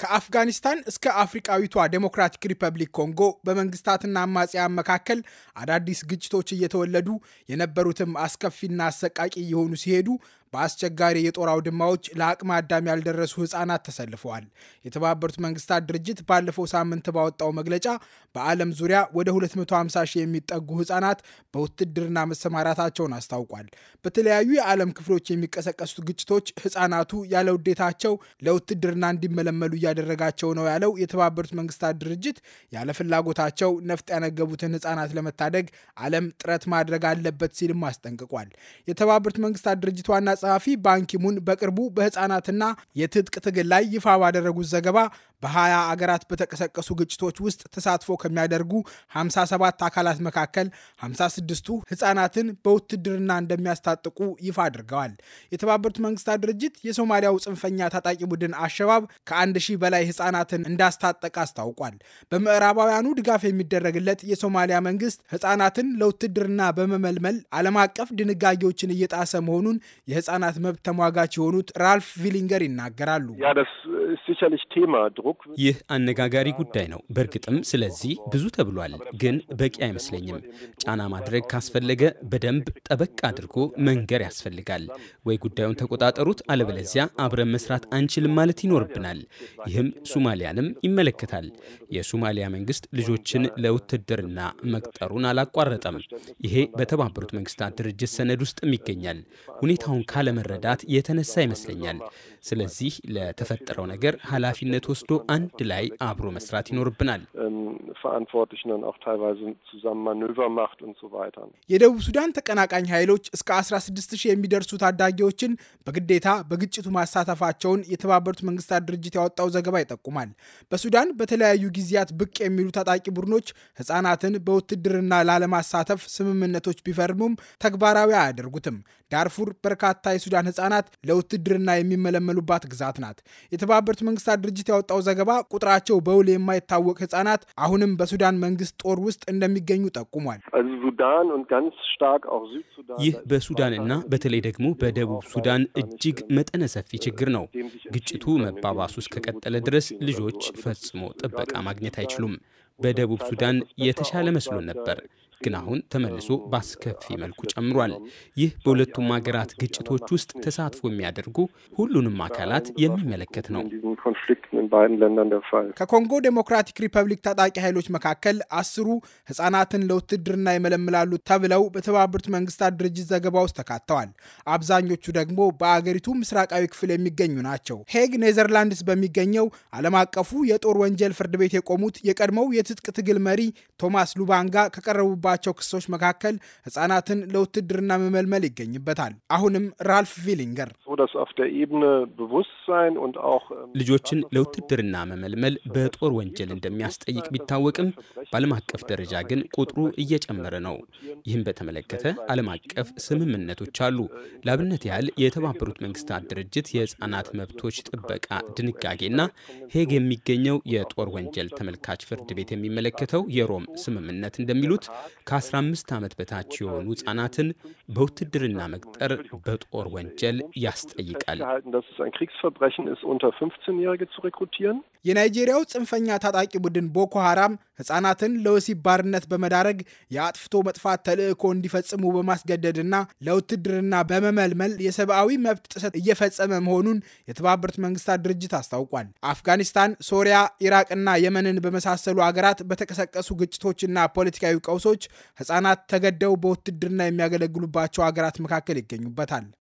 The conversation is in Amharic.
ከአፍጋኒስታን እስከ አፍሪቃዊቷ ዴሞክራቲክ ሪፐብሊክ ኮንጎ በመንግስታትና አማጽያን መካከል አዳዲስ ግጭቶች እየተወለዱ የነበሩትም አስከፊና አሰቃቂ እየሆኑ ሲሄዱ በአስቸጋሪ የጦር አውድማዎች ለአቅመ አዳም ያልደረሱ ህጻናት ተሰልፈዋል። የተባበሩት መንግስታት ድርጅት ባለፈው ሳምንት ባወጣው መግለጫ በዓለም ዙሪያ ወደ 250 ሺህ የሚጠጉ ህጻናት በውትድርና መሰማራታቸውን አስታውቋል። በተለያዩ የዓለም ክፍሎች የሚቀሰቀሱት ግጭቶች ህጻናቱ ያለ ውዴታቸው ለውትድርና እንዲመለመሉ እያደረጋቸው ነው ያለው የተባበሩት መንግስታት ድርጅት ያለ ፍላጎታቸው ነፍጥ ያነገቡትን ህጻናት ለመታደግ ዓለም ጥረት ማድረግ አለበት ሲልም አስጠንቅቋል። የተባበሩት መንግስታት ድርጅት ዋና ጸሐፊ ባንኪሙን በቅርቡ በሕፃናትና የትጥቅ ትግል ላይ ይፋ ባደረጉት ዘገባ በሀያ አገራት በተቀሰቀሱ ግጭቶች ውስጥ ተሳትፎ ከሚያደርጉ 57 አካላት መካከል 56ቱ ህጻናትን በውትድርና እንደሚያስታጥቁ ይፋ አድርገዋል። የተባበሩት መንግስታት ድርጅት የሶማሊያው ጽንፈኛ ታጣቂ ቡድን አሸባብ ከአንድ ሺህ በላይ ህጻናትን እንዳስታጠቀ አስታውቋል። በምዕራባውያኑ ድጋፍ የሚደረግለት የሶማሊያ መንግስት ህጻናትን ለውትድርና በመመልመል ዓለም አቀፍ ድንጋጌዎችን እየጣሰ መሆኑን የህጻናት መብት ተሟጋች የሆኑት ራልፍ ቪሊንገር ይናገራሉ። ይህ አነጋጋሪ ጉዳይ ነው። በእርግጥም ስለዚህ ብዙ ተብሏል፣ ግን በቂ አይመስለኝም። ጫና ማድረግ ካስፈለገ በደንብ ጠበቅ አድርጎ መንገር ያስፈልጋል። ወይ ጉዳዩን ተቆጣጠሩት፣ አለበለዚያ አብረን መስራት አንችልም ማለት ይኖርብናል። ይህም ሱማሊያንም ይመለከታል። የሱማሊያ መንግስት ልጆችን ለውትድርና መቅጠሩን አላቋረጠም። ይሄ በተባበሩት መንግስታት ድርጅት ሰነድ ውስጥም ይገኛል። ሁኔታውን ካለመረዳት የተነሳ ይመስለኛል። ስለዚህ ለተፈጠረው ነገር ኃላፊነት ወስዶ አንድ ላይ አብሮ መስራት ይኖርብናል። ähm, የደቡብ ሱዳን ተቀናቃኝ ኃይሎች እስከ 16 ሺህ የሚደርሱ ታዳጊዎችን በግዴታ በግጭቱ ማሳተፋቸውን የተባበሩት መንግስታት ድርጅት ያወጣው ዘገባ ይጠቁማል። በሱዳን በተለያዩ ጊዜያት ብቅ የሚሉ ታጣቂ ቡድኖች ህጻናትን በውትድርና ላለማሳተፍ ስምምነቶች ቢፈርሙም ተግባራዊ አያደርጉትም። ዳርፉር በርካታ የሱዳን ህጻናት ለውትድርና የሚመለመሉባት ግዛት ናት። የተባበሩት መንግስታት ድርጅት ያወጣው ዘገባ ቁጥራቸው በውል የማይታወቅ ህጻናት አሁንም በሱዳን መንግስት ጦር ውስጥ እንደሚገኙ ጠቁሟል። ይህ በሱዳንና በተለይ ደግሞ በደቡብ ሱዳን እጅግ መጠነ ሰፊ ችግር ነው። ግጭቱ መባባሱ እስከቀጠለ ድረስ ልጆች ፈጽሞ ጥበቃ ማግኘት አይችሉም። በደቡብ ሱዳን የተሻለ መስሎን ነበር፣ ግን አሁን ተመልሶ በአስከፊ መልኩ ጨምሯል። ይህ በሁለቱም ሀገራት ግጭቶች ውስጥ ተሳትፎ የሚያደርጉ ሁሉንም አካላት የሚመለከት ነው። ከኮንጎ ዴሞክራቲክ ሪፐብሊክ ታጣቂ ኃይሎች መካከል አስሩ ሕጻናትን ለውትድርና ይመለምላሉ ተብለው በተባበሩት መንግስታት ድርጅት ዘገባ ውስጥ ተካተዋል። አብዛኞቹ ደግሞ በአገሪቱ ምስራቃዊ ክፍል የሚገኙ ናቸው። ሄግ ኔዘርላንድስ በሚገኘው ዓለም አቀፉ የጦር ወንጀል ፍርድ ቤት የቆሙት የቀድሞው የት የትጥቅ ትግል መሪ ቶማስ ሉባንጋ ከቀረቡባቸው ክሶች መካከል ህጻናትን ለውትድርና መመልመል ይገኝበታል። አሁንም ራልፍ ቪሊንገር Ähm, ልጆችን ለውትድርና መመልመል በጦር ወንጀል እንደሚያስጠይቅ ቢታወቅም በዓለም አቀፍ ደረጃ ግን ቁጥሩ እየጨመረ ነው። ይህም በተመለከተ ዓለም አቀፍ ስምምነቶች አሉ። ለአብነት ያህል የተባበሩት መንግስታት ድርጅት የህፃናት መብቶች ጥበቃ ድንጋጌና ሄግ የሚገኘው የጦር ወንጀል ተመልካች ፍርድ ቤት የሚመለከተው የሮም ስምምነት እንደሚሉት ከ15 ዓመት በታች የሆኑ ህጻናትን በውትድርና መቅጠር በጦር ወንጀል ያስ ይጠይቃል። ist unter 15-Jährige zu rekrutieren. የናይጄሪያው ጽንፈኛ ታጣቂ ቡድን ቦኮ ሃራም ህጻናትን ለወሲብ ባርነት በመዳረግ የአጥፍቶ መጥፋት ተልዕኮ እንዲፈጽሙ በማስገደድና ለውትድርና በመመልመል የሰብአዊ መብት ጥሰት እየፈጸመ መሆኑን የተባበሩት መንግስታት ድርጅት አስታውቋል። አፍጋኒስታን፣ ሶሪያ፣ ኢራቅና የመንን በመሳሰሉ አገራት በተቀሰቀሱ ግጭቶችና ፖለቲካዊ ቀውሶች ህጻናት ተገደው በውትድርና የሚያገለግሉባቸው አገራት መካከል ይገኙበታል።